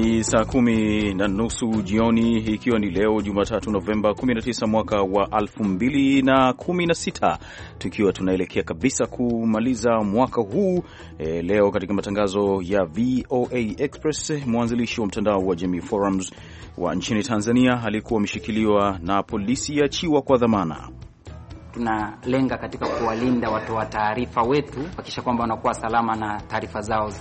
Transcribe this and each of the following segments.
Ni saa kumi na nusu jioni ikiwa ni leo Jumatatu Novemba 19 mwaka wa 2016 tukiwa tunaelekea kabisa kumaliza mwaka huu e, leo katika matangazo ya VOA Express, mwanzilishi wa mtandao wa Jamii Forums wa nchini Tanzania alikuwa ameshikiliwa na polisi, achiwa kwa dhamana tunalenga katika kuwalinda watoa taarifa wetu, kuhakikisha kwamba wanakuwa salama na taarifa zao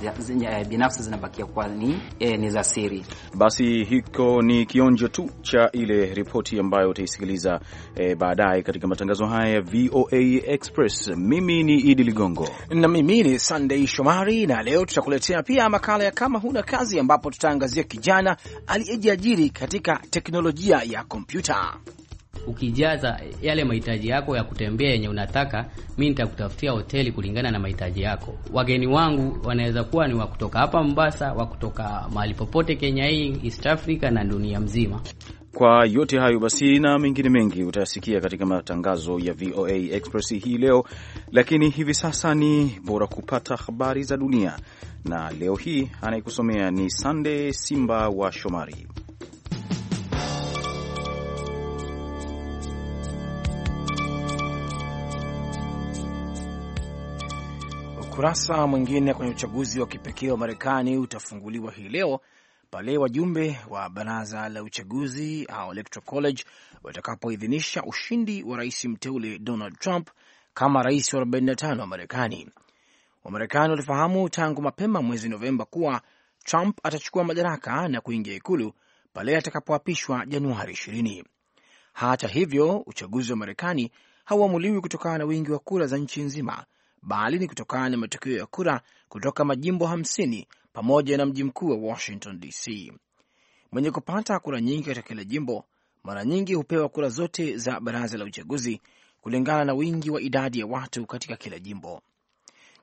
binafsi zinabakia kuwa ni, e, ni za siri. Basi hiko ni kionjo tu cha ile ripoti ambayo utaisikiliza e, baadaye katika matangazo haya ya VOA Express. Mimi ni Idi Ligongo na mimi ni Sunday Shomari, na leo tutakuletea pia makala ya kama huna kazi, ambapo tutaangazia kijana aliyejiajiri katika teknolojia ya kompyuta ukijaza yale mahitaji yako ya kutembea yenye unataka, mi nitakutafutia hoteli kulingana na mahitaji yako. Wageni wangu wanaweza kuwa ni wa kutoka hapa Mombasa, wa kutoka mahali popote Kenya hii, East Africa na dunia mzima. Kwa yote hayo basi na mengine mengi utayasikia katika matangazo ya VOA Express hii leo, lakini hivi sasa ni bora kupata habari za dunia, na leo hii anayekusomea ni Sunday Simba wa Shomari. Ukurasa mwingine kwenye uchaguzi wa kipekee wa Marekani utafunguliwa hii leo pale wajumbe wa baraza la uchaguzi au Electoral College watakapoidhinisha ushindi wa rais mteule Donald Trump kama rais wa 45 wa Marekani. Wamarekani walifahamu tangu mapema mwezi Novemba kuwa Trump atachukua madaraka na kuingia ikulu pale atakapoapishwa Januari 20. Hata hivyo, uchaguzi wa Marekani hauamuliwi kutokana na wingi wa kura za nchi nzima bali ni kutokana na matokeo ya kura kutoka majimbo hamsini pamoja na mji mkuu wa Washington DC. Mwenye kupata kura nyingi katika kila jimbo mara nyingi hupewa kura zote za baraza la uchaguzi kulingana na wingi wa idadi ya watu katika kila jimbo.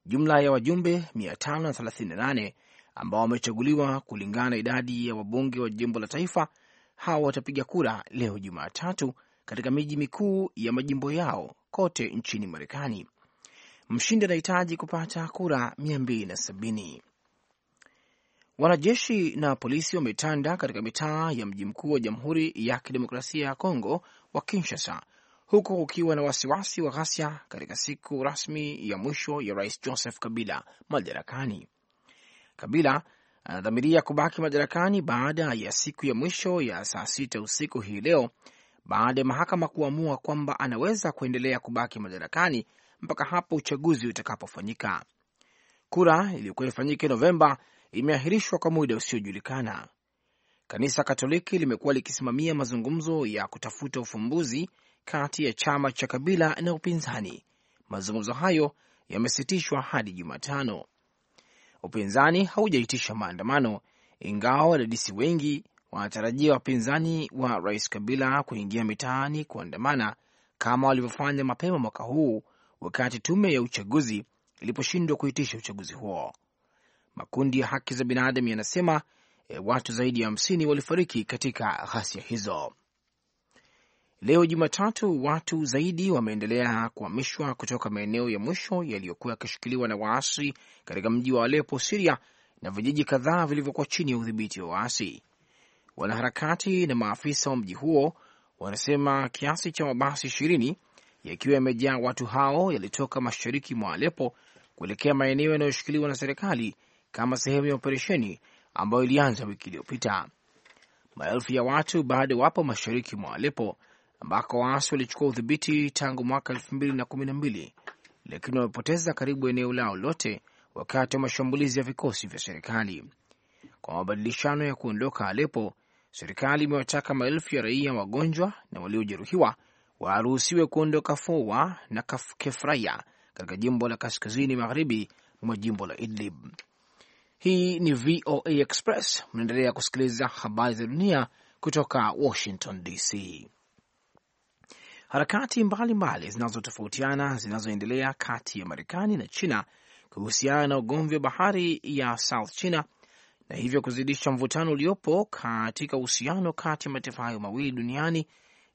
Jumla ya wajumbe 538 ambao wamechaguliwa kulingana na idadi ya wabunge wa jimbo la taifa, hawa watapiga kura leo Jumatatu katika miji mikuu ya majimbo yao kote nchini Marekani mshindi anahitaji kupata kura 270. Wanajeshi na polisi wametanda katika mitaa ya mji mkuu wa Jamhuri ya Kidemokrasia ya Kongo wa Kinshasa, huku kukiwa na wasiwasi wa ghasia katika siku rasmi ya mwisho ya Rais Joseph Kabila madarakani. Kabila anadhamiria kubaki madarakani baada ya siku ya mwisho ya saa sita usiku hii leo, baada ya mahakama kuamua kwamba anaweza kuendelea kubaki madarakani mpaka hapo uchaguzi utakapofanyika. Kura iliyokuwa ifanyike Novemba imeahirishwa kwa muda usiojulikana. Kanisa Katoliki limekuwa likisimamia mazungumzo ya kutafuta ufumbuzi kati ya chama cha Kabila na upinzani. Mazungumzo hayo yamesitishwa hadi Jumatano. Upinzani haujaitisha maandamano, ingawa wadadisi wengi wanatarajia wapinzani wa rais Kabila kuingia mitaani kuandamana kama walivyofanya mapema mwaka huu wakati tume ya uchaguzi iliposhindwa kuitisha uchaguzi huo. Makundi ya haki za binadamu yanasema e, watu zaidi ya hamsini walifariki katika ghasia hizo. Leo Jumatatu, watu zaidi wameendelea kuhamishwa kutoka maeneo ya mwisho yaliyokuwa yakishikiliwa na waasi katika mji wa Alepo, Siria, na vijiji kadhaa vilivyokuwa chini ya udhibiti wa waasi. Wanaharakati na maafisa wa mji huo wanasema kiasi cha mabasi ishirini yakiwa yamejaa watu hao yalitoka mashariki mwa Alepo kuelekea maeneo yanayoshikiliwa na serikali kama sehemu ya operesheni ambayo ilianza wiki iliyopita. Maelfu ya watu bado wapo mashariki mwa Alepo ambako waasi walichukua udhibiti tangu mwaka elfu mbili na kumi na mbili lakini wamepoteza karibu eneo lao lote wakati wa mashambulizi ya vikosi vya serikali. Kwa mabadilishano ya kuondoka Alepo, serikali imewataka maelfu ya raia wagonjwa na waliojeruhiwa waruhusiwe kuondoka Fowa na Kefraya katika jimbo la kaskazini magharibi mwa jimbo la Idlib. Hii ni VOA Express, mnaendelea kusikiliza habari za dunia kutoka Washington DC. Harakati mbalimbali zinazotofautiana zinazoendelea kati ya Marekani na China kuhusiana na ugomvi wa bahari ya South China na hivyo kuzidisha mvutano uliopo katika uhusiano kati ya mataifa hayo mawili duniani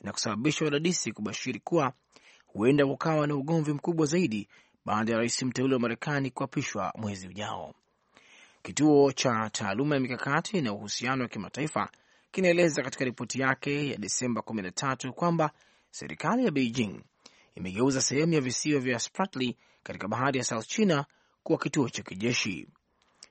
na kusababisha wadadisi kubashiri kuwa huenda kukawa na ugomvi mkubwa zaidi baada ya rais mteule wa Marekani kuapishwa mwezi ujao. Kituo cha taaluma ya mikakati na uhusiano wa kimataifa kinaeleza katika ripoti yake ya Desemba 13 kwamba serikali ya Beijing imegeuza sehemu ya visiwa vya Spratly katika bahari ya South China kuwa kituo cha kijeshi.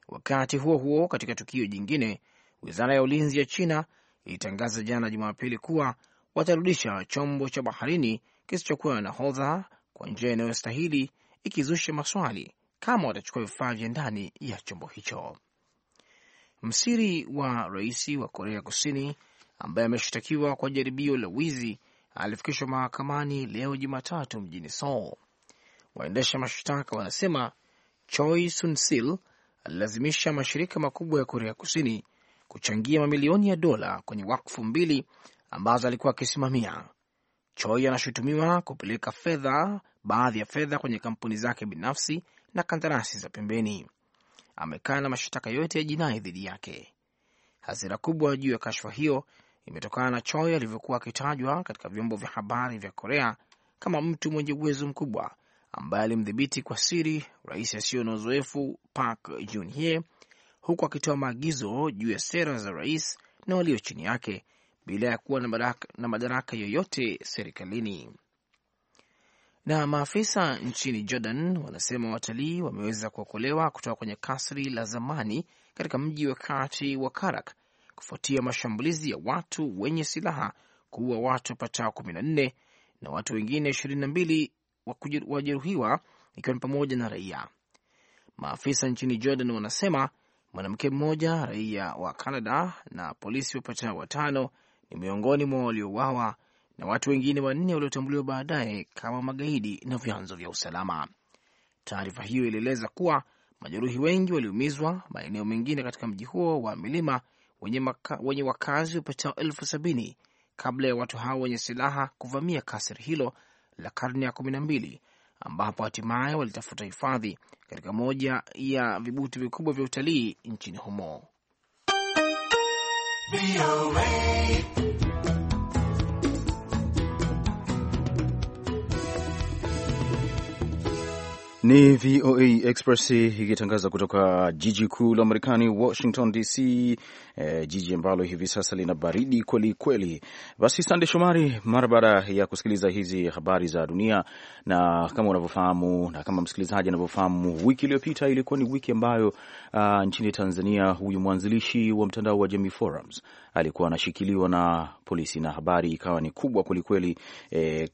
Wakati huo huo, katika tukio jingine, wizara ya ulinzi ya China ilitangaza jana Jumapili kuwa watarudisha chombo cha baharini kisichokuwa na nahodha kwa njia inayostahili, ikizusha maswali kama watachukua vifaa vya ndani ya chombo hicho. Msiri wa rais wa Korea Kusini ambaye ameshtakiwa kwa jaribio la wizi alifikishwa mahakamani leo Jumatatu mjini Seoul. Waendesha mashtaka wanasema Choi Sunsil alilazimisha mashirika makubwa ya Korea Kusini kuchangia mamilioni ya dola kwenye wakfu mbili ambazo alikuwa akisimamia. Choi anashutumiwa kupeleka fedha, baadhi ya fedha kwenye kampuni zake binafsi na kandarasi za pembeni. Amekaa na mashtaka yote ya jinai dhidi yake. Hasira kubwa juu ya kashfa hiyo imetokana na Choi alivyokuwa akitajwa katika vyombo vya habari vya Korea kama mtu mwenye uwezo mkubwa ambaye alimdhibiti kwa siri rais asiyo na uzoefu Park Geun-hye, huku akitoa maagizo juu ya sera za rais na walio chini yake bila ya kuwa na madaraka, na madaraka yoyote serikalini. Na maafisa nchini Jordan wanasema watalii wameweza kuokolewa kutoka kwenye kasri la zamani katika mji wa kati wa Karak kufuatia mashambulizi ya watu wenye silaha kuua watu wapatao 14 na watu wengine 22 wajeruhiwa ikiwa ni pamoja na raia. Maafisa nchini Jordan wanasema mwanamke mmoja raia wa Canada na polisi wapatao watano ni miongoni mwa waliouawa na watu wengine wanne waliotambuliwa baadaye kama magaidi na vyanzo vya usalama. Taarifa hiyo ilieleza kuwa majeruhi wengi waliumizwa maeneo mengine katika mji huo wa milima wenye, maka, wenye wakazi wapatao elfu sabini kabla ya watu hao wenye silaha kuvamia kasri hilo la karne ya kumi na mbili ambapo hatimaye walitafuta hifadhi katika moja ya vibuti vikubwa vya utalii nchini humo. VOA. Ni VOA Express ikitangaza kutoka jiji kuu la Marekani, Washington DC, eh, jiji ambalo hivi sasa lina baridi kweli kweli. Basi Sande Shomari, mara baada ya kusikiliza hizi habari za dunia, na kama unavyofahamu na kama msikilizaji anavyofahamu, wiki iliyopita ilikuwa ni wiki ambayo, uh, nchini Tanzania, huyu mwanzilishi wa mtandao wa Jamii Forums alikuwa anashikiliwa na polisi, na habari ikawa ni kubwa kwelikweli e,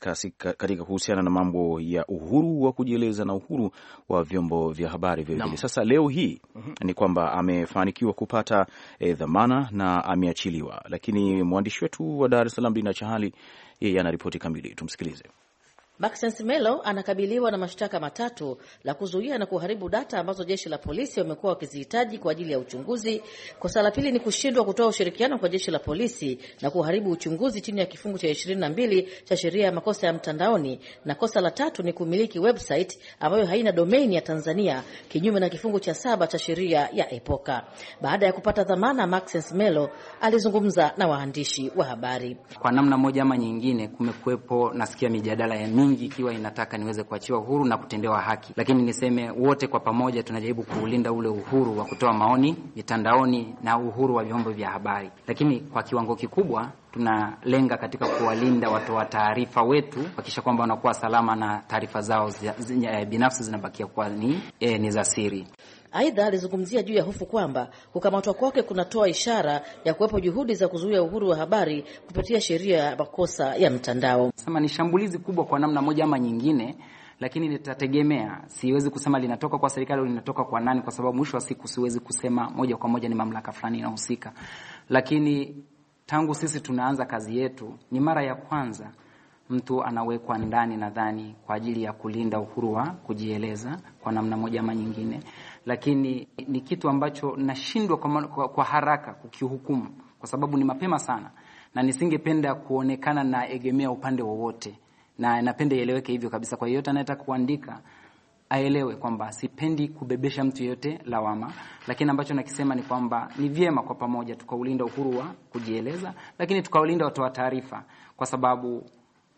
katika kuhusiana na mambo ya uhuru wa kujieleza na uhuru wa vyombo vya habari vilevile. Sasa leo hii mm -hmm. ni kwamba amefanikiwa kupata e, dhamana na ameachiliwa, lakini mwandishi wetu wa Dar es Salaam Dina Chahali yeye ana ripoti kamili, tumsikilize. Maxence Melo anakabiliwa na mashtaka matatu: la kuzuia na kuharibu data ambazo jeshi la polisi wamekuwa wakizihitaji kwa ajili ya uchunguzi. Kosa la pili ni kushindwa kutoa ushirikiano kwa jeshi la polisi na kuharibu uchunguzi chini ya kifungu cha 22 cha sheria ya makosa ya mtandaoni, na kosa la tatu ni kumiliki website ambayo haina domain ya Tanzania kinyume na kifungu cha saba cha sheria ya EPOKA. Baada ya kupata dhamana, Maxence Melo alizungumza na waandishi wa habari. Kwa namna moja ama nyingine, kumekuwepo nasikia mijadala ya mingi mji ikiwa inataka niweze kuachiwa uhuru na kutendewa haki, lakini niseme wote kwa pamoja tunajaribu kuulinda ule uhuru wa kutoa maoni mitandaoni na uhuru wa vyombo vya habari, lakini kwa kiwango kikubwa tunalenga katika kuwalinda watoa taarifa wetu, kuhakikisha kwamba wanakuwa salama na taarifa zao zi, zi, binafsi zinabakia kuwa ni, e, ni za siri. Aidha, alizungumzia juu ya hofu kwamba kukamatwa kwake kunatoa ishara ya kuwepo juhudi za kuzuia uhuru wa habari kupitia sheria ya makosa ya mtandao. Sema ni shambulizi kubwa kwa namna moja ama nyingine, lakini litategemea. Siwezi kusema linatoka kwa serikali au linatoka kwa nani, kwa sababu mwisho wa siku siwezi kusema moja kwa moja ni mamlaka fulani inahusika, lakini tangu sisi tunaanza kazi yetu, ni mara ya kwanza mtu anawekwa ndani, nadhani kwa ajili ya kulinda uhuru wa kujieleza kwa namna moja ama nyingine lakini ni kitu ambacho nashindwa kwa, kwa, kwa haraka kukihukumu kwa sababu ni mapema sana na nisingependa kuonekana na egemea upande wowote, na napenda ieleweke hivyo kabisa kwa yeyote anayetaka kuandika aelewe kwamba sipendi kubebesha mtu yeyote lawama, lakini ambacho nakisema ni kwamba ni vyema kwa pamoja tukaulinda uhuru wa kujieleza, lakini tukaulinda watoa taarifa, kwa sababu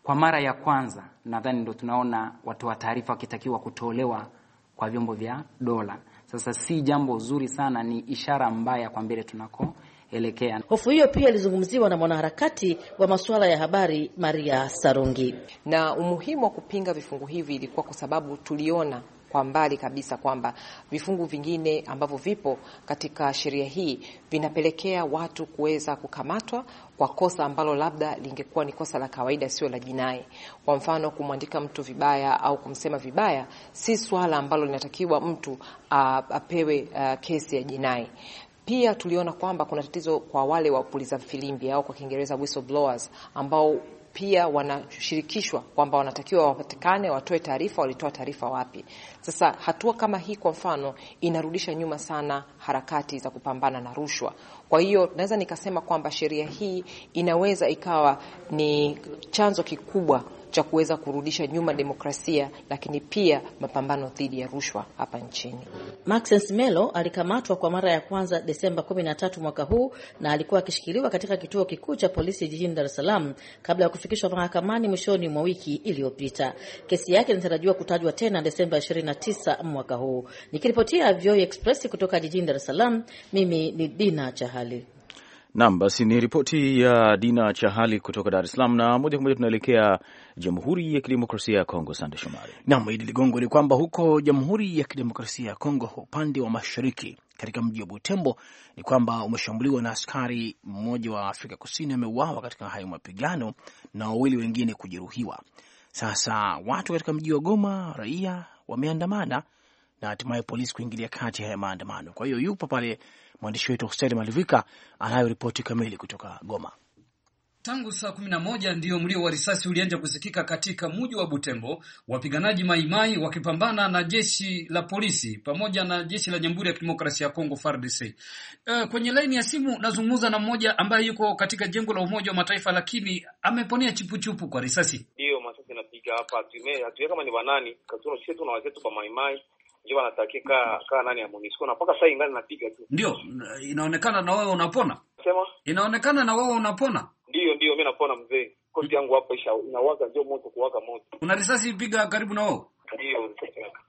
kwa mara ya kwanza nadhani ndo tunaona watoa taarifa wakitakiwa kutolewa kwa vyombo vya dola. Sasa si jambo zuri sana, ni ishara mbaya kwa mbele tunakoelekea. Hofu hiyo pia ilizungumziwa na mwanaharakati wa masuala ya habari Maria Sarungi. Na umuhimu wa kupinga vifungu hivi ilikuwa kwa sababu tuliona kwa mbali kabisa kwamba vifungu vingine ambavyo vipo katika sheria hii vinapelekea watu kuweza kukamatwa kwa kosa ambalo labda lingekuwa ni kosa la kawaida, sio la jinai. Kwa mfano, kumwandika mtu vibaya au kumsema vibaya si swala ambalo linatakiwa mtu apewe kesi ya jinai. Pia tuliona kwamba kuna tatizo kwa wale wapuliza filimbi au kwa Kiingereza whistleblowers ambao pia wanashirikishwa kwamba wanatakiwa wapatikane, watoe taarifa, walitoa taarifa wapi. Sasa hatua kama hii kwa mfano inarudisha nyuma sana harakati za kupambana na rushwa. Kwa hiyo naweza nikasema kwamba sheria hii inaweza ikawa ni chanzo kikubwa cha kuweza kurudisha nyuma demokrasia, lakini pia mapambano dhidi ya rushwa hapa nchini. Maxence Melo alikamatwa kwa mara ya kwanza Desemba 13 mwaka huu na alikuwa akishikiliwa katika kituo kikuu cha polisi jijini Dar es Salaam kabla ya kufikishwa mahakamani mwishoni mwa wiki iliyopita. Kesi yake inatarajiwa kutajwa tena Desemba 29 mwaka huu. Nikiripotia VOA e Express kutoka jijini Dar es Salaam, mimi ni Dina Chahali. Nam, basi ni ripoti ya Dina Chahali kutoka Dar es Salaam, na moja kwa moja tunaelekea Jamhuri ya Kidemokrasia ya Kongo. Sande Shomari. Nam, Idi Ligongo, ni kwamba huko Jamhuri ya Kidemokrasia ya Kongo upande wa mashariki katika mji wa Butembo ni kwamba umeshambuliwa na askari mmoja wa Afrika Kusini ameuawa katika hayo mapigano na wawili wengine kujeruhiwa. Sasa watu katika mji wa Goma, raia wameandamana na hatimaye polisi kuingilia kati haya maandamano. Kwa hiyo yupo pale Mwandishi wetu Hosteri Malivika anayo ripoti kamili kutoka Goma. Tangu saa kumi na moja ndiyo mlio wa risasi ulianza kusikika katika mji wa Butembo, wapiganaji maimai wakipambana na jeshi la polisi pamoja na jeshi la Jamhuri ya Kidemokrasia ya Kongo FARDC. E, kwenye laini ya simu nazungumza na mmoja ambaye yuko katika jengo la Umoja wa Mataifa lakini ameponea chipuchupu kwa risasi. Ndiyo masasi napiga hapa, kama ni wanani, kwa maimai ndio anataki kaa kaa nani ya Monisco, na mpaka sasa ingali napiga tu. Ndio inaonekana na wewe unapona, sema inaonekana na wewe unapona. Ndio, ndio mimi napona mzee, koti yangu hapa isha inawaka, ndio moto kuwaka moto. Una risasi piga karibu na wewe? Ndio.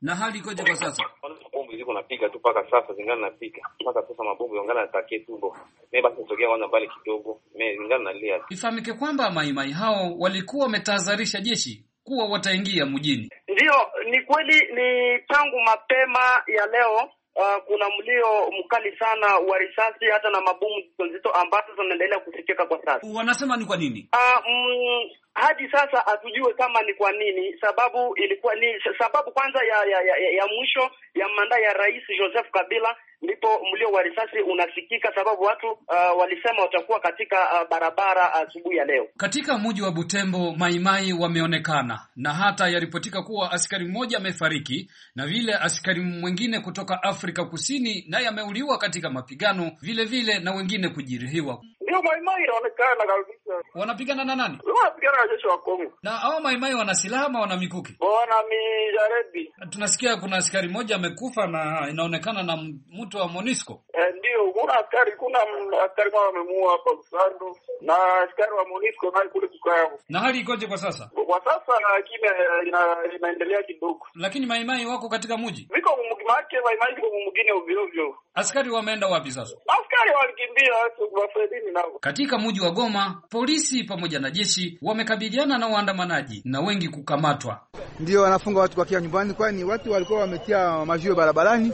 Na hali ikoje kwa sasa? Mabomu ziko napiga tu mpaka sasa, zingani napiga mpaka sasa, mabomu yangana natakia tumbo mimi, basi nitokea kwanza mbali kidogo, mimi zingani nalia. Ifahamike kwamba maimai hao walikuwa wametahadharisha jeshi kuwa wataingia mjini. Ndiyo, ni kweli, ni tangu mapema ya leo Uh, kuna mlio mkali sana wa risasi hata na mabomu zito nzito ambazo zinaendelea kusikika kwa sasa. Wanasema ni kwa nini? Uh, mm, hadi sasa hatujue kama ni kwa nini sababu. Ilikuwa ni sababu kwanza ya ya, ya, ya mwisho ya manda ya Rais Joseph Kabila ndipo mlio wa risasi unasikika, sababu watu uh, walisema watakuwa katika uh, barabara uh, asubuhi uh, ya leo. Katika mji wa Butembo maimai wameonekana na hata yaripotika kuwa askari mmoja amefariki na vile askari mwingine kutoka Afrika Kusini naye ameuliwa katika mapigano vile vile na wengine kujeruhiwa. Hiyo maimai inaonekana kabisa. Wanapigana na nani? Wanapigana na jeshi wa Kongo. Na hao maimai wana silaha ama wana mikuki? Wana mijarebi. Tunasikia kuna askari mmoja amekufa na inaonekana na mtu wa Monisco. Eh, ndio kuna askari kuna askari mmoja amemuua hapa Kusando na askari wa Monisco naye kule Kukayo. Na hali ikoje kwa sasa? Kwa sasa na kime ina, inaendelea kidogo. Lakini maimai wako katika mji. Viko mumgimake maimai kwa mwingine ovyo ovyo. Askari wameenda wapi sasa? Askari walikimbia sasa kwa Fredini katika mji wa Goma, polisi pamoja na jeshi wamekabiliana na waandamanaji na wengi kukamatwa. Ndio wanafunga watu kwa kia nyumbani, kwani watu walikuwa wametia majuo barabarani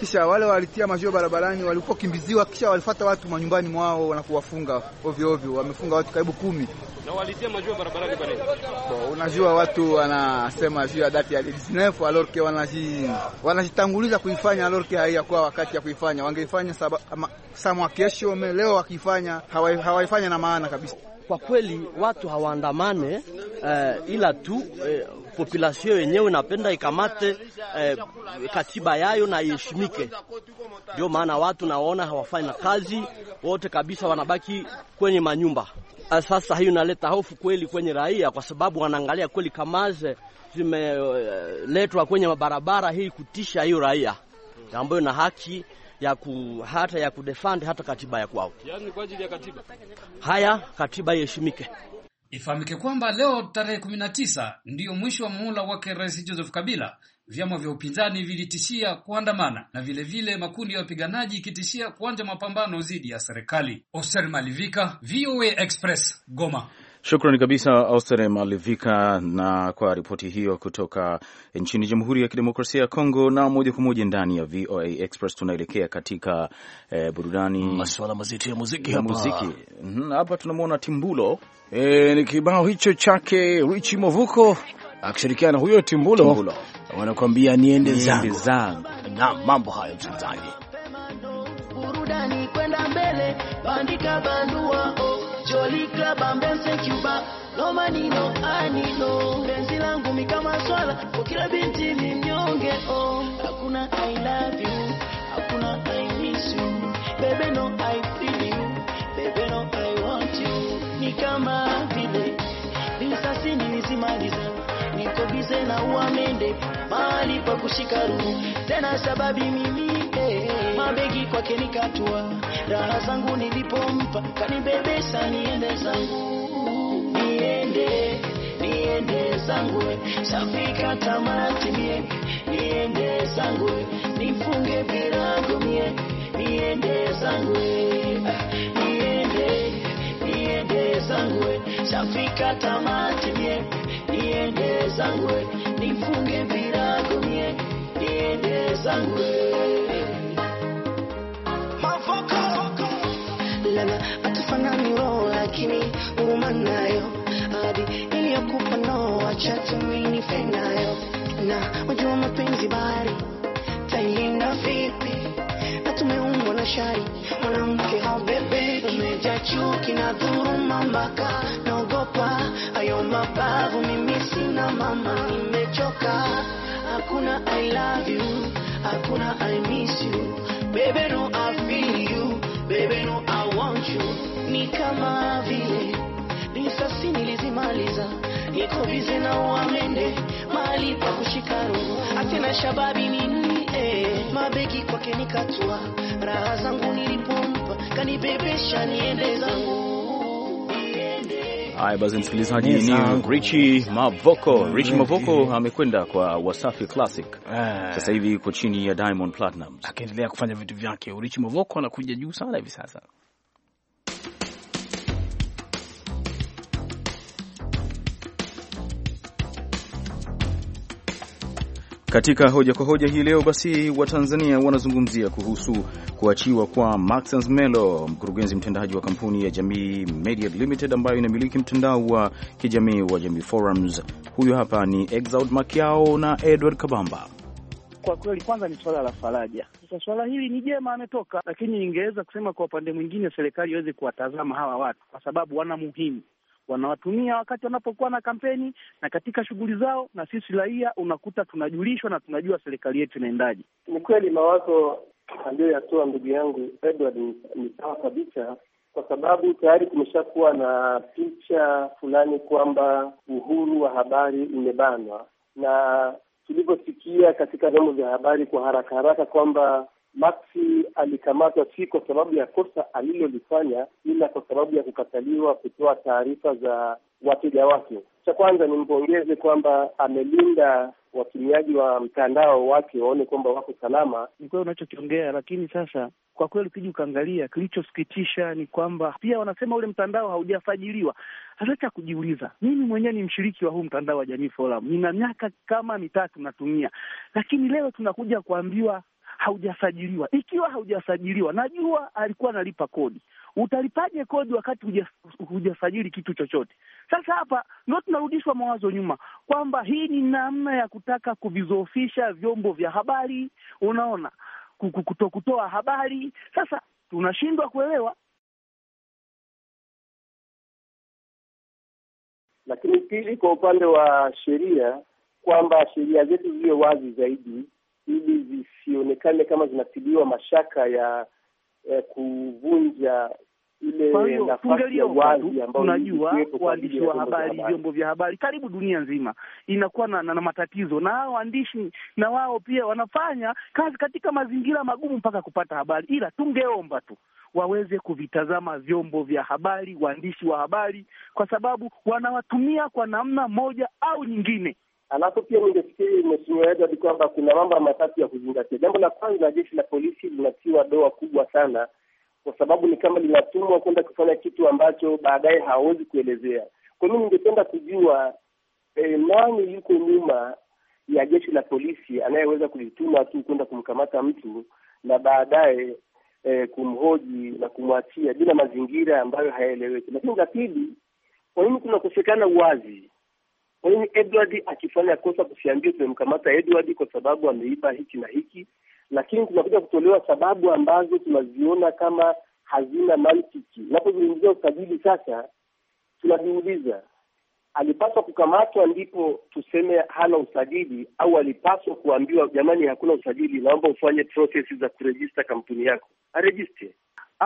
kisha wale walitia maziwa barabarani walipokimbiziwa kisha walifata watu manyumbani mwao na kuwafunga ovyo ovyo. Wamefunga watu karibu kumi na walitia maziwa barabarani pale. Unajua watu wanasema juu ya dati ya 19 alorke wanaji wanajitanguliza kuifanya alorke haiyakuwa wakati ya kuifanya. Wangeifanya samwa kesho leo, wakifanya hawaifanya na maana kabisa. Kwa kweli watu hawaandamane, uh, ila tu uh, population yenyewe napenda ikamate eh, katiba yayo na iheshimike. Ndio maana watu naona hawafanyi kazi wote kabisa, wanabaki kwenye manyumba. Ah, sasa hiyo inaleta hofu kweli kwenye raia, kwa sababu wanaangalia kweli kamaze zimeletwa kwenye mabarabara hii kutisha hiyo raia ambayo na haki ya ku, hata ya kudefend hata katiba ya kwao, Yani kwa ajili ya katiba haya katiba iheshimike. Ifahamike kwamba leo tarehe 19 ndiyo mwisho wa muhula wake Rais Joseph Kabila. Vyama vya upinzani vilitishia kuandamana na vilevile vile makundi ya wapiganaji ikitishia kuanja mapambano dhidi ya serikali. Oser Malivika, VOA Express, Goma. Shukrani kabisa Auster Malivika na kwa ripoti hiyo kutoka nchini Jamhuri ya Kidemokrasia ya Kongo. Na moja kwa moja ndani ya VOA Express tunaelekea katika eh, burudani, masuala mazito ya muziki hapa muziki. Mhm, hapa tunamwona Timbulo e, ni kibao hicho chake Richi Movuko akishirikiana huyo Timbulo, Timbulo. Wanakuambia niende zangu na mambo hayo, msikilizaji burudani kwenda mbele bandika bandua oh, Jolly Club and Benson Cuba, no money no ani no, penzi langu mi kama swala, kwa kila binti ni mnyonge oh, hakuna I love you, hakuna I miss you, baby no I feel you, baby no I want you, ni kama vile risasi nilizimaliza, niko bize na uamende mahali pa kushika ruu tena sababi mimi mabegi begi kwake nikatua, raha zangu nilipompa, kanibebesa niende zangu, niende niende zangu, safika tamati mie, niende zangu, nifunge virago mie, niende zangu, niende niende zangu, safika tamati mie, niende zangu, nifunge virago mie, niende zangu salama, hatufanani roho lakini uma nayo, hadi iliyokufa no, acha tuinife fenayo na wajua mapenzi bari tailinda vipi? Na tumeumbwa na shari, mwanamke haubebeki, umeja chuki na dhuluma, mpaka naogopa ayo mabavu. Mimi sina mama, nimechoka, hakuna I love you, hakuna I miss you Baby, no, I feel you. Baby, no, I juu ni kama vile risasi nilizimaliza, niko bize na pa kushika atena shababi nini eh, mabegi kwake nikatua, raha zangu nilipompa kanibebesha niende zangu. Haya basi, msikilizaji yes, ni Richi Mavoko. Richi mm-hmm. Mavoko amekwenda kwa Wasafi Classic eh. sasa hivi, iko chini ya Diamond Platnumz akiendelea kufanya vitu vyake. Richi Mavoko anakuja juu sana hivi sasa. Katika hoja kwa hoja hii leo basi, Watanzania wanazungumzia kuhusu kuachiwa kwa Maxence Melo, mkurugenzi mtendaji wa kampuni ya Jamii Media Limited ambayo inamiliki mtandao wa kijamii wa Jamii Forums. Huyu hapa ni Exaud Makiao na Edward Kabamba. Kwa kweli kwanza ni swala la faraja. Sasa swala hili ni jema, ametoka, lakini ingeweza kusema kwa upande mwingine serikali iweze kuwatazama hawa watu, kwa sababu wana muhimu wanawatumia wakati wanapokuwa na kampeni na katika shughuli zao, na sisi raia unakuta tunajulishwa na tunajua serikali yetu inaendaje. Ni kweli mawazo aliyoyatoa ndugu yangu Edward ni sawa kabisa, kwa sababu tayari kumeshakuwa na picha fulani kwamba uhuru wa habari umebanwa na tulivyosikia katika vyombo vya habari kwa haraka haraka kwamba Maxi alikamatwa si kwa sababu ya kosa alilolifanya, ila kwa sababu ya kukataliwa kutoa taarifa za wateja wake. Cha kwanza nimpongeze kwamba amelinda watumiaji wa mtandao wake waone kwamba wako salama. Ni kweli unachokiongea, lakini sasa kwa kweli ukija ukaangalia, kilichosikitisha ni kwamba pia wanasema ule mtandao haujasajiliwa. Sasa cha kujiuliza, mimi mwenyewe ni mshiriki wa huu mtandao wa Jamii Forum, nina miaka kama mitatu natumia, lakini leo tunakuja kuambiwa haujasajiliwa. Ikiwa haujasajiliwa, najua alikuwa analipa kodi. Utalipaje kodi wakati hujasajili kitu chochote? Sasa hapa ndo tunarudishwa mawazo nyuma, kwamba hii ni namna ya kutaka kuvizoofisha vyombo vya habari, unaona, kuto kutoa habari. Sasa tunashindwa kuelewa. Lakini pili, kwa upande wa sheria, kwamba sheria zetu ziwe wazi zaidi ili zisionekane kama zinatiliwa mashaka ya eh, kuvunja ile nafasi ya wazi ambayo unajua, waandishi wa habari, vyombo vya habari karibu dunia nzima inakuwa na, na, na matatizo na hao waandishi na wao pia wanafanya kazi katika mazingira magumu mpaka kupata habari, ila tungeomba tu waweze kuvitazama vyombo vya habari, waandishi wa habari, kwa sababu wanawatumia kwa namna moja au nyingine Alafu pia ningefikiri Mheshimiwa Edward kwamba kuna mambo matatu ya kuzingatia. Jambo la kwanza, jeshi la polisi linatiwa doa kubwa sana, kwa sababu ni kama linatumwa kwenda kufanya kitu ambacho baadaye hawawezi kuelezea. Kwa hiyo ningependa kujua eh, nani yuko nyuma ya jeshi la polisi anayeweza kulituma tu kwenda kumkamata mtu na baadaye eh, kumhoji na kumwachia bila mazingira ambayo hayaeleweki. Lakini la pili, kwa nini kunakosekana uwazi? Kwa hiyo Edward akifanya kosa, kusiambia tumemkamata Edward kwa sababu ameiba hiki na hiki, lakini tunakuja kutolewa sababu ambazo tunaziona kama hazina mantiki. Unapozungumzia usajili sasa, tunajiuliza alipaswa kukamatwa ndipo tuseme hana usajili, au alipaswa kuambiwa jamani, hakuna usajili, naomba ufanye process za kurejista kampuni yako, arejiste?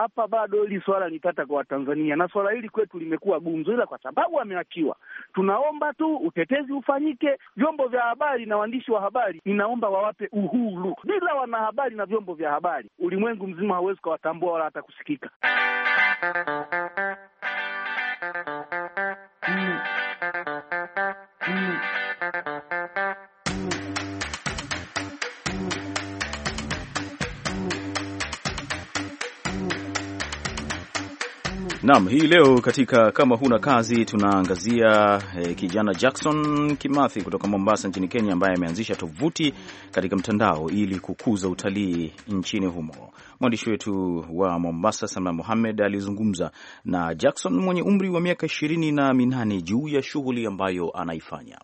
hapa bado hili swala tata kwa Watanzania, na swala hili kwetu limekuwa gumzo, ila kwa sababu ameachiwa, tunaomba tu utetezi ufanyike. Vyombo vya habari na waandishi wa habari ninaomba wawape uhuru. Bila wanahabari na vyombo vya habari, ulimwengu mzima hauwezi ukawatambua wala hata kusikika. Mm. Mm. Naam, hii leo katika kama huna kazi tunaangazia eh, kijana Jackson Kimathi kutoka Mombasa nchini Kenya ambaye ameanzisha tovuti katika mtandao ili kukuza utalii nchini humo. Mwandishi wetu wa Mombasa Salma Mohamed alizungumza na Jackson mwenye umri wa miaka ishirini na minane juu ya shughuli ambayo anaifanya.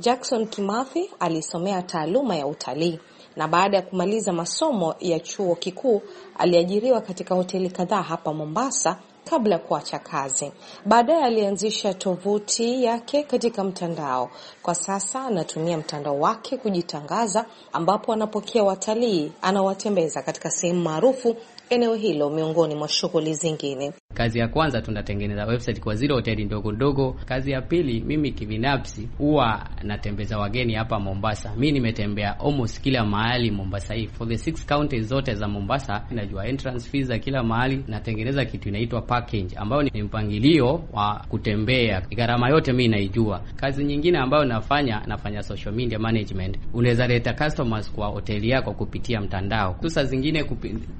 Jackson Kimathi alisomea taaluma ya utalii na baada ya kumaliza masomo ya chuo kikuu aliajiriwa katika hoteli kadhaa hapa Mombasa kabla ya kuacha kazi. Baadaye alianzisha tovuti yake katika mtandao. Kwa sasa anatumia mtandao wake kujitangaza, ambapo anapokea watalii, anawatembeza katika sehemu maarufu eneo hilo, miongoni mwa shughuli zingine. Kazi ya kwanza tunatengeneza website kwa zile hoteli ndogo ndogo. Kazi ya pili, mimi kibinafsi huwa natembeza wageni hapa Mombasa. Mi nimetembea almost kila mahali Mombasa hii, for the six counties zote za Mombasa. Najua entrance fees za kila mahali. Natengeneza kitu inaitwa package, ambayo ni mpangilio wa kutembea, gharama yote mi naijua. Kazi nyingine ambayo nafanya, nafanya social media management. Unaweza leta customers kwa hoteli yako kupitia mtandao. Saa zingine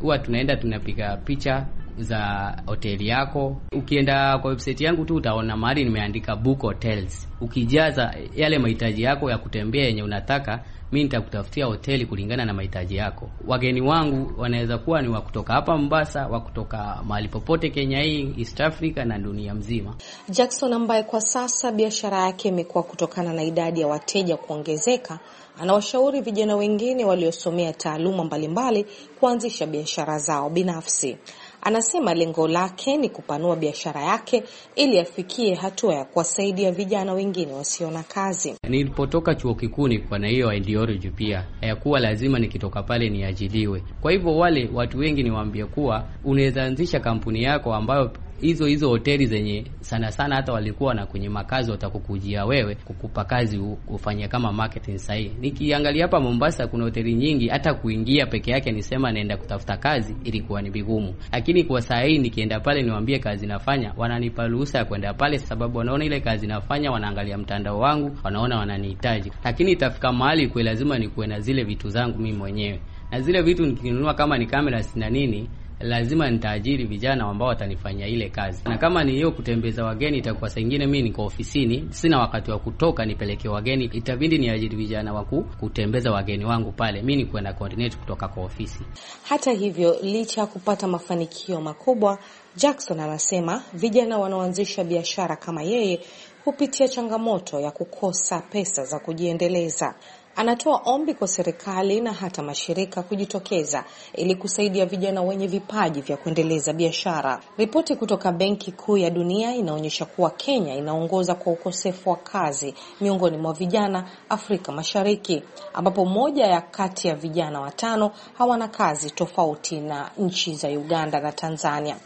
huwa tunaenda tunapiga picha za hoteli yako. Ukienda kwa website yangu tu utaona mahali nimeandika book hotels. Ukijaza yale mahitaji yako ya kutembea yenye unataka, mi nitakutafutia hoteli kulingana na mahitaji yako. Wageni wangu wanaweza kuwa ni wa kutoka hapa Mombasa, wa kutoka mahali popote Kenya hii, East Africa na dunia mzima. Jackson ambaye kwa sasa biashara yake imekuwa kutokana na idadi ya wateja kuongezeka anawashauri vijana wengine waliosomea taaluma mbalimbali kuanzisha biashara zao binafsi. Anasema lengo lake ni kupanua biashara yake ili afikie hatua ya kuwasaidia vijana wengine wasio na kazi. Nilipotoka chuo kikuu nilikuwa na hiyo ideology pia ya kuwa lazima nikitoka pale niajiliwe. Kwa hivyo wale watu wengi niwaambie kuwa unaweza anzisha kampuni yako ambayo hizo hizo hoteli zenye sana sana hata walikuwa na kwenye makazi watakukujia wewe kukupa kazi ufanye kama marketing sahihi. Nikiangalia hapa Mombasa kuna hoteli nyingi, hata kuingia peke yake nisema naenda kutafuta kazi ilikuwa ni vigumu, lakini kwa saa hii nikienda pale niwaambie kazi nafanya, wananipa ruhusa ya kwenda pale, sababu wanaona ile kazi nafanya, wanaangalia mtandao wangu, wanaona wananihitaji. Lakini itafika mahali kwa lazima nikuwe na zile vitu zangu mimi mwenyewe, na zile vitu nikinunua kama ni kamera sina nini lazima nitaajiri vijana ambao watanifanyia ile kazi, na kama ni hiyo kutembeza wageni, itakuwa saa ingine mimi niko ofisini, sina wakati wa kutoka nipeleke wageni, itabidi niajiri vijana wa kutembeza wageni wangu pale, mimi ni kwenda coordinate kutoka kwa ofisi. Hata hivyo, licha ya kupata mafanikio makubwa, Jackson anasema vijana wanaoanzisha biashara kama yeye hupitia changamoto ya kukosa pesa za kujiendeleza. Anatoa ombi kwa serikali na hata mashirika kujitokeza ili kusaidia vijana wenye vipaji vya kuendeleza biashara. Ripoti kutoka Benki Kuu ya Dunia inaonyesha kuwa Kenya inaongoza kwa ukosefu wa kazi miongoni mwa vijana Afrika Mashariki, ambapo moja ya kati ya vijana watano hawana kazi, tofauti na nchi za Uganda na Tanzania.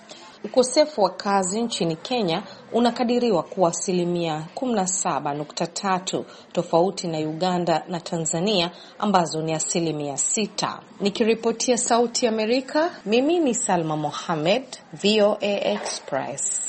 Ukosefu wa kazi nchini Kenya unakadiriwa kuwa asilimia 17.3 tofauti na Uganda na Tanzania ambazo ni asilimia 6. Nikiripotia Sauti Amerika, mimi ni Salma Mohamed, VOA Express.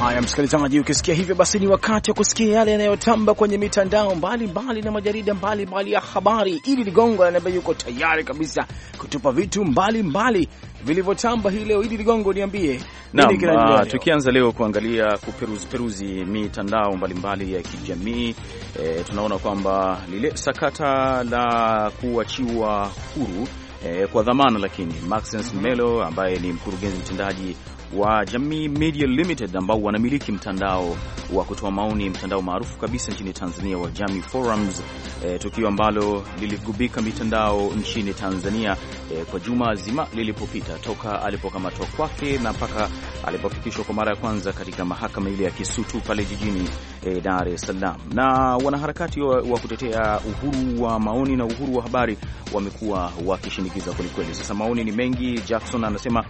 Haya msikilizaji, ukisikia hivyo basi ni wakati wa kusikia yale yanayotamba kwenye mitandao mbalimbali mbali na majarida mbalimbali ya habari. Ili Ligongo ananiambia yuko tayari kabisa kutupa vitu mbalimbali vilivyotamba hii leo. Ili Ligongo, niambie naam. Ah, tukianza leo kuangalia kuperuzi peruzi mitandao mbalimbali mbali ya kijamii e, tunaona kwamba lile sakata la kuachiwa huru E, kwa dhamana lakini Maxence mhm. Melo ambaye ni mkurugenzi mtendaji wa Jamii Media Limited ambao wanamiliki mtandao wa kutoa maoni, mtandao maarufu kabisa nchini Tanzania wa Jamii Forums, e, tukio ambalo liligubika mitandao nchini Tanzania e, kwa juma zima lilipopita toka alipokamatwa kwake na mpaka alipofikishwa kwa mara ya kwanza katika mahakama ile ya Kisutu pale jijini e, Dar es Salaam. Na wanaharakati wa, wa kutetea uhuru wa maoni na uhuru wa habari wamekuwa wakishinikiza kwelikweli. Sasa maoni ni mengi. Jackson anasema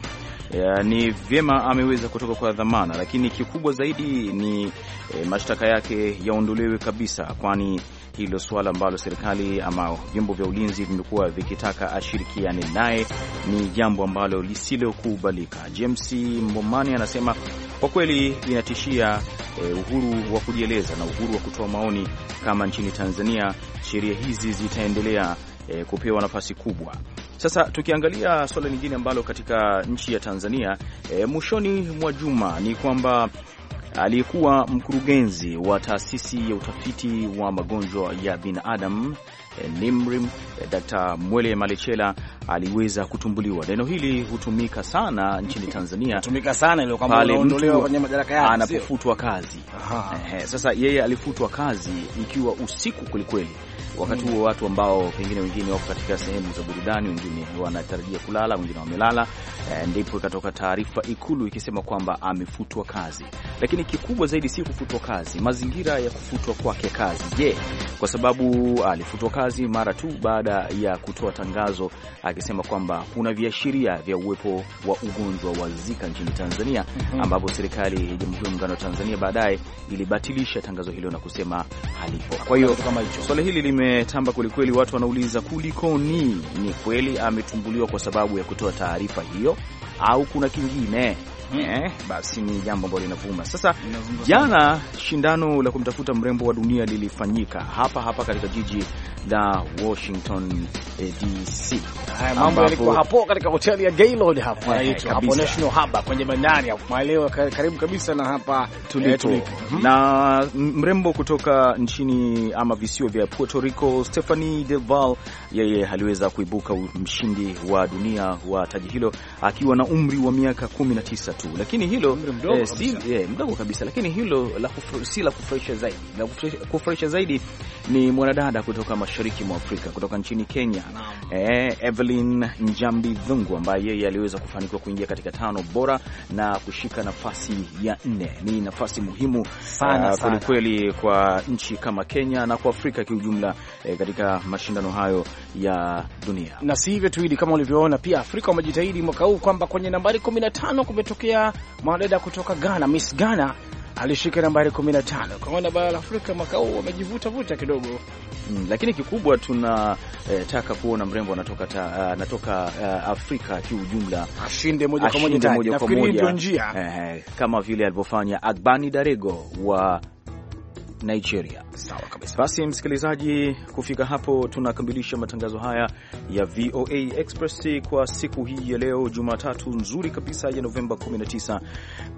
ya, ni vyema ameweza kutoka kwa dhamana, lakini kikubwa zaidi ni eh, mashtaka yake yaondolewe kabisa, kwani hilo suala ambalo serikali ama vyombo vya ulinzi vimekuwa vikitaka ashirikiane naye ni jambo ambalo lisilokubalika. James Mbomani anasema kwa kweli inatishia eh, uhuru wa kujieleza na uhuru wa kutoa maoni. Kama nchini Tanzania sheria hizi zitaendelea eh, kupewa nafasi kubwa, sasa tukiangalia suala lingine ambalo katika nchi ya Tanzania e, mwishoni mwa juma ni kwamba aliyekuwa mkurugenzi wa taasisi ya utafiti wa magonjwa ya binadamu e, NIMRIM, e, Dr. Mwele Malechela aliweza kutumbuliwa. Neno hili hutumika sana nchini Tanzania, hutumika sana ile kwamba anaondolewa kwenye madaraka yake anapofutwa kazi. Aha. Sasa yeye alifutwa kazi ikiwa usiku kwelikweli Wakati huo watu ambao pengine wengine wako katika sehemu za burudani, wengine wanatarajia kulala, wengine wamelala. E, ndipo ikatoka taarifa Ikulu ikisema kwamba amefutwa kazi. Lakini kikubwa zaidi si kufutwa kazi, mazingira ya kufutwa kwake kazi. Je, kwa sababu alifutwa kazi mara tu baada ya kutoa tangazo akisema kwamba kuna viashiria vya uwepo wa ugonjwa wa Zika nchini Tanzania, mhm. ambapo serikali ya Jamhuri ya Muungano wa Tanzania baadaye ilibatilisha tangazo hilo na kusema halipo. Kwa hiyo swali hili limetamba kwelikweli. Watu wanauliza kulikoni, ni kweli ametumbuliwa kwa sababu ya kutoa taarifa hiyo au kuna kingine? Hmm. Eh, basi ni jambo ambalo linavuma sasa. Jana shindano la kumtafuta mrembo wa dunia lilifanyika hapa hapa katika jiji la Washington eh, DC. Haya mambo yalikuwa hapo katika hoteli ya Gaylord hapo eh, inaitwa hapo National Harbor kwenye bandari hapo maelewa karibu kabisa na hapa eh, tulipo. Eh, hmm. Na mrembo kutoka nchini ama visiwa vya Puerto Rico Stephanie Deval yeye aliweza kuibuka mshindi wa dunia wa taji hilo akiwa na umri wa miaka 19 tu, lakini hilo mdogo, eh, si, kabisa. eh, mdogo kabisa, lakini hilo la kufur, si la kufurahisha zaidi. La kufurahisha zaidi ni mwanadada kutoka mashariki mwa Afrika kutoka nchini Kenya e, Evelyn Njambi Dhungu ambaye yeye aliweza kufanikiwa kuingia katika tano bora na kushika nafasi ya nne. Ni nafasi muhimu sana uh, eh, kwelikweli kwa nchi kama Kenya na kwa Afrika kiujumla e, katika mashindano hayo ya dunia. Na si hivyo tu, kama ulivyoona pia Afrika wamejitahidi mwaka huu kwamba kwenye nambari 15 kumetokea mwanadada kutoka Ghana, Miss Ghana alishika nambari 15. kaona bara la Afrika mwaka huu wamejivutavuta kidogo mm, lakini kikubwa tunataka eh, kuona mrembo anatoka ta, eh, anatoka uh, Afrika kiujumla ashinde moja kwa moja, nafikiri ndio njia eh, eh, kama vile alivyofanya Agbani Darego wa Nigeria. Sawa kabisa. Basi msikilizaji, kufika hapo tunakamilisha matangazo haya ya VOA Express kwa siku hii ya leo Jumatatu nzuri kabisa ya Novemba 19.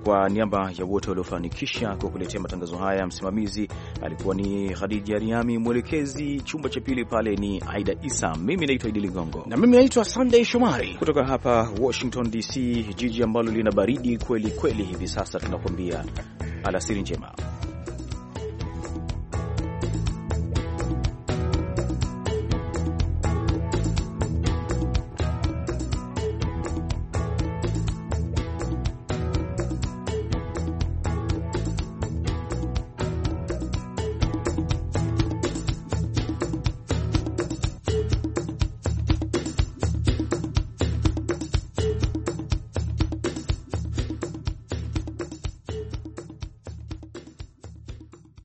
Kwa niaba ya wote waliofanikisha kukuletea matangazo haya, msimamizi alikuwa ni Khadija Riami, mwelekezi chumba cha pili pale ni Aida Isa, mimi naitwa Idi Ligongo na mimi naitwa Sunday Shomari kutoka hapa Washington DC, jiji ambalo lina baridi kweli kweli hivi sasa. Tunakuambia alasiri njema.